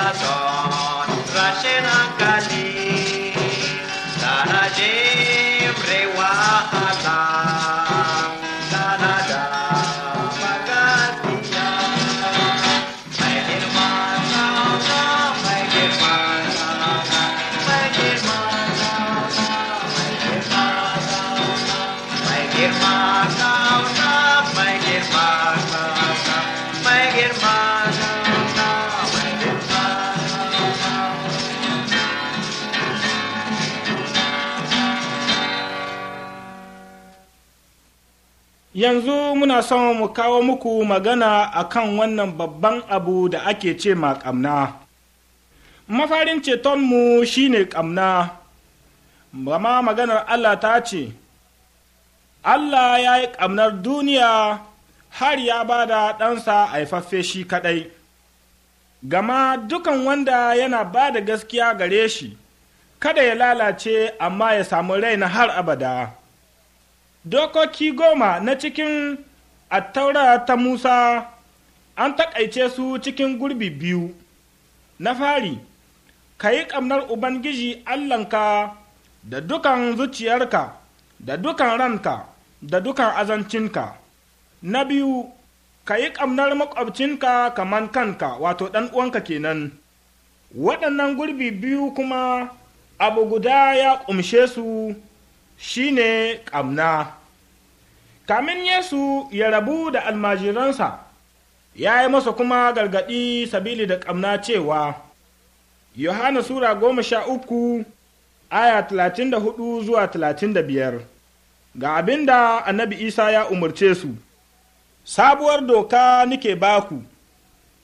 Saton, on Kali. yanzu muna son mu kawo muku magana a kan wannan babban abu da ake ce ma ƙamna mafarin cetonmu shi ne ƙamna gama maganar allah ta ce allah ya yi ƙamnar duniya har ya ba da ɗansa haifaffe shi kaɗai gama dukan wanda yana ba da gaskiya gare shi kada ya lalace amma ya samu rai na har abada dokoki goma na cikin attaura ta Musa an taƙaice su cikin gurbi biyu, na fari, ka yi ƙamnar Ubangiji Allahnka da dukan zuciyarka, da dukan ranka, da dukan azancinka. Na biyu, ka yi ƙamnar maƙwabcinka kamar kanka, wato ɗan uwanka kenan. Waɗannan gurbi biyu kuma abu guda ya ƙumshe su shine ƙamna. kamin Yesu ya rabu da almajiransa, ya yi masa kuma gargaɗi sabili da ƙamna cewa, Yohana Sura goma sha uku, aya talatin da hudu zuwa talatin da biyar, ga abin da annabi Isa ya umarce su, Sabuwar doka nike baku,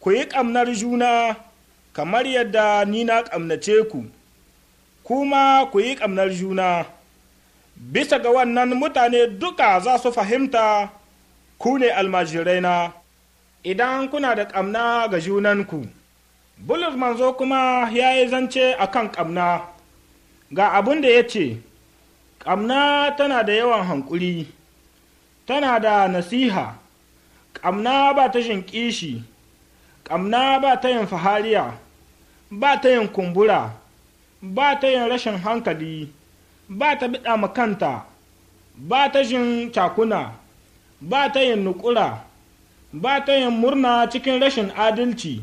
ku yi ƙamnar juna kamar yadda ni na ƙamnace ku, kuma ku yi ƙamnar juna. bisa ga wannan mutane duka za su fahimta ku ne almajirai na? idan kuna da ƙamna ga junanku bulus manzo kuma ya yi zance a kan ƙamna ga abin da ya ce ƙamna tana da yawan hankuri tana da nasiha ƙamna ba ta shin kishi ƙamna ba ta yin fahariya ba ta yin kumbura ba ta yin rashin hankali ba ta biɗa ma kanta ba ta jin cakuna ba ta yin nukura ba ta yin murna cikin rashin adalci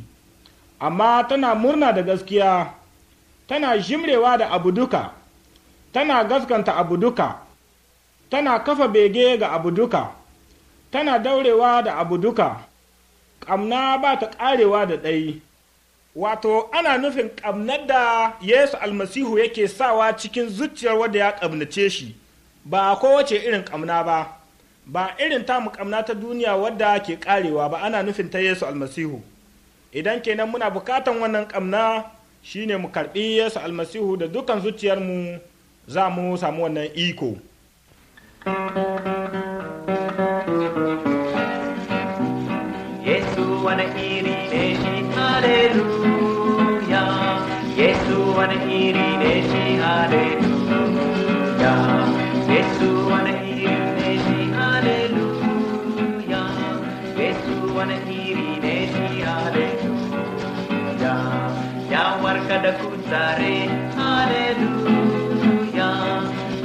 amma tana murna da gaskiya tana jimrewa da abu duka tana gaskanta abu duka tana kafa bege ga abu duka tana daurewa da abu duka ƙamna ba ta ƙarewa da ɗai wato ana nufin ƙamnar da yesu almasihu yake sawa cikin zuciyar wadda ya ƙamnace shi ba kowace irin ƙamna ba ba irin tamu ƙamna ta duniya wadda ke ƙarewa ba ana nufin ta yesu almasihu idan kenan muna bukatan wannan ƙamna shine mu karɓi yesu almasihu da dukan zuciyarmu za mu samu wannan iko yesu wani దేశి హాలేలుయా యేసువన హీరి దేశి హాలేలుయా యేసువన హీరి దేశి హాలేలుయా యేసువన హీరి దేశి హాలేలుయా యా వర్కడ కుతారే హాలేలుయా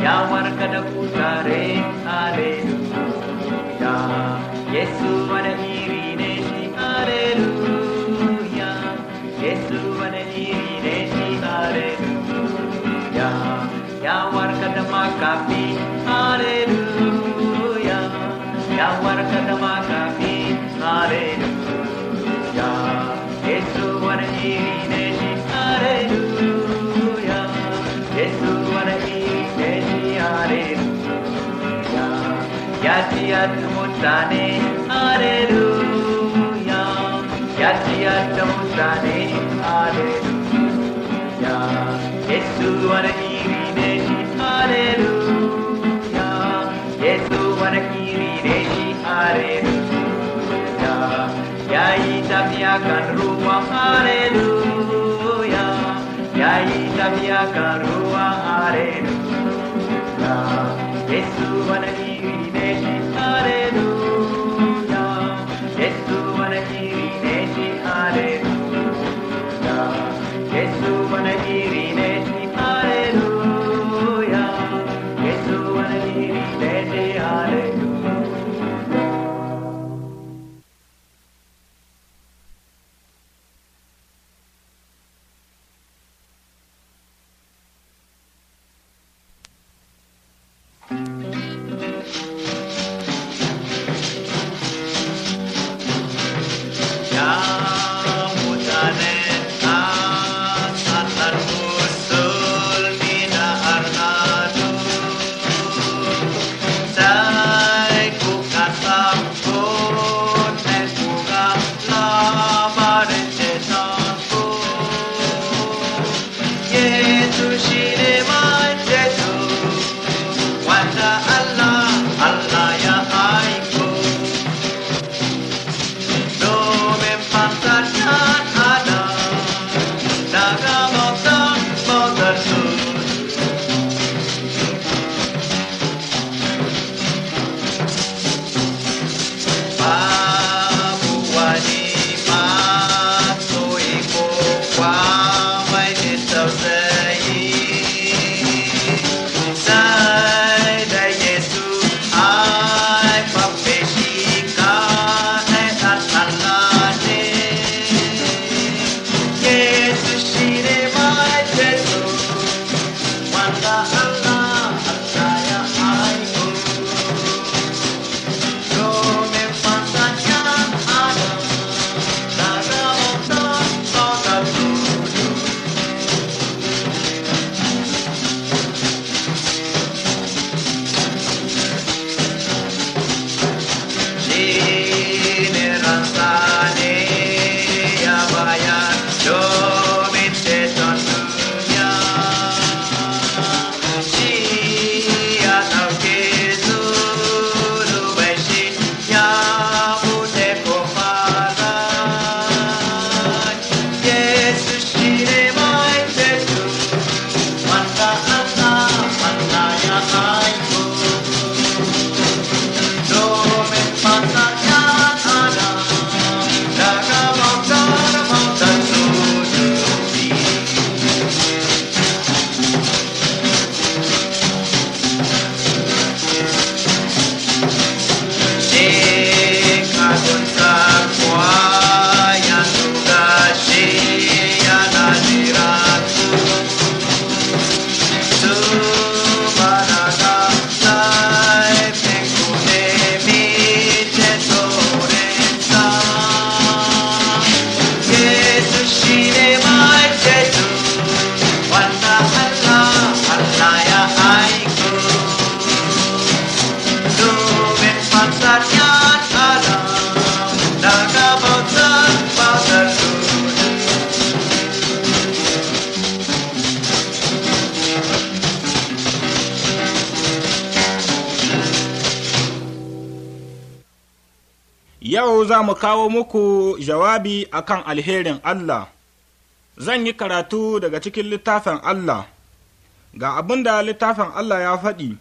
యా వర్కడ కుతారే atmosane hallelujah yachi atmosane hallelujah yesu vara kirine hallelujah yesu vara kirine hallelujah yai tabia kan ruwa hallelujah yai tabia kan ruwa hallelujah yau za mu kawo muku jawabi a kan alherin Allah. Zan yi karatu daga cikin littafin Allah, ga abin da littafin Allah ya faɗi,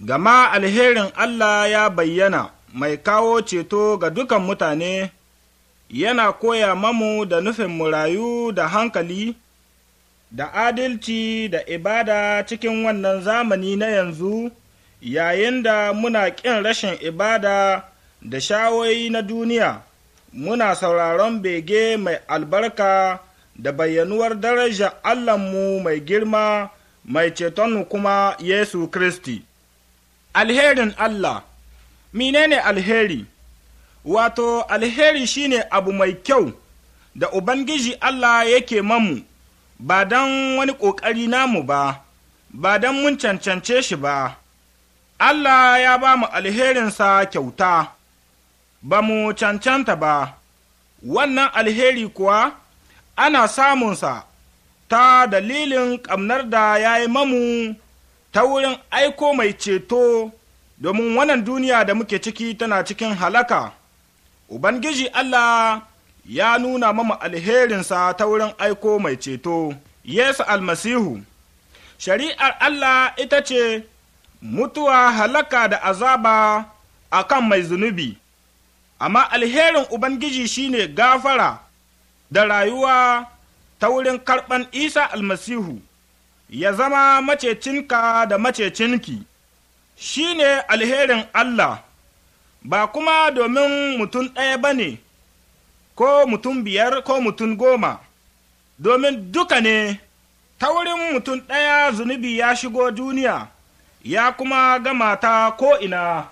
gama alherin Allah ya bayyana mai kawo ceto ga dukan mutane, yana koya mamu da nufin murayu da hankali, da adalci da ibada cikin wannan zamani na yanzu, yayin da muna ƙin rashin ibada. da shawoyi na duniya muna sauraron bege mai albarka da bayyanuwar daraja Allahnmu mai girma mai cetonmu kuma Yesu Kiristi. Alherin Allah menene alheri? Wato, alheri shine abu mai kyau da Ubangiji Allah yake mamu, ba don wani ƙoƙari namu ba, ba don mun cancance shi ba. Allah ya ba mu alherinsa kyauta. ba mu cancanta ba, wannan alheri kuwa ana samunsa ta dalilin ƙamnar da ya yi mamu ta wurin aiko mai ceto domin wannan duniya da muke ciki tana cikin halaka. Ubangiji Allah ya nuna mamu alherinsa ta wurin aiko mai ceto, Yesu almasihu. Shari'ar Allah ita ce mutuwa halaka da azaba a kan mai zunubi. amma alherin Ubangiji shine gafara da rayuwa ta wurin karɓan Isa almasihu, ya zama macecinka da macecinki, shi ne alherin Allah, ba kuma domin mutum ɗaya ba ne, ko mutum biyar ko mutum goma, domin duka ne ta wurin mutum ɗaya zunubi ya shigo duniya, ya kuma gama ta ko'ina.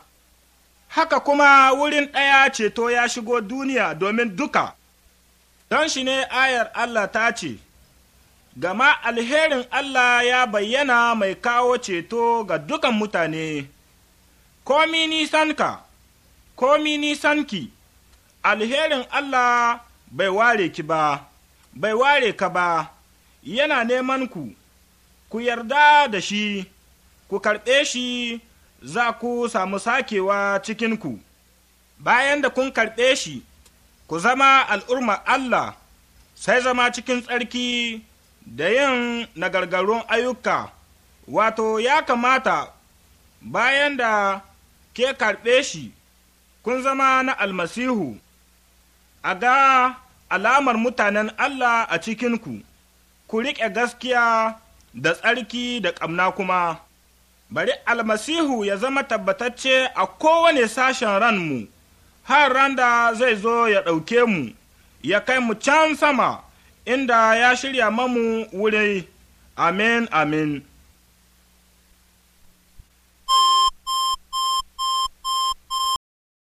haka kuma wurin ɗaya ceto ya shigo duniya domin duka, don shi ne ayar Allah ta ce, Gama alherin Allah ya bayyana mai kawo ceto ga dukan mutane, komi nisanka, komi nisanki, alherin Allah bai ware ki ba, bai ware ka ba, yana neman ku, ku yarda da shi, ku karɓe shi za ku samu sakewa cikinku, bayan da kun karɓe shi, ku zama al'urma Allah, sai zama cikin tsarki da yin nagargarun ayyuka, wato ya kamata bayan da ke karɓe shi, kun zama na almasihu, a ga alamar mutanen Allah a cikinku, ku riƙe gaskiya da tsarki da ƙamna kuma. bari almasihu ya zama tabbatacce a kowane sashen mu har randa zai zo ya ɗauke mu, ya kai mu can sama, inda ya shirya mamu wuri, amin amin.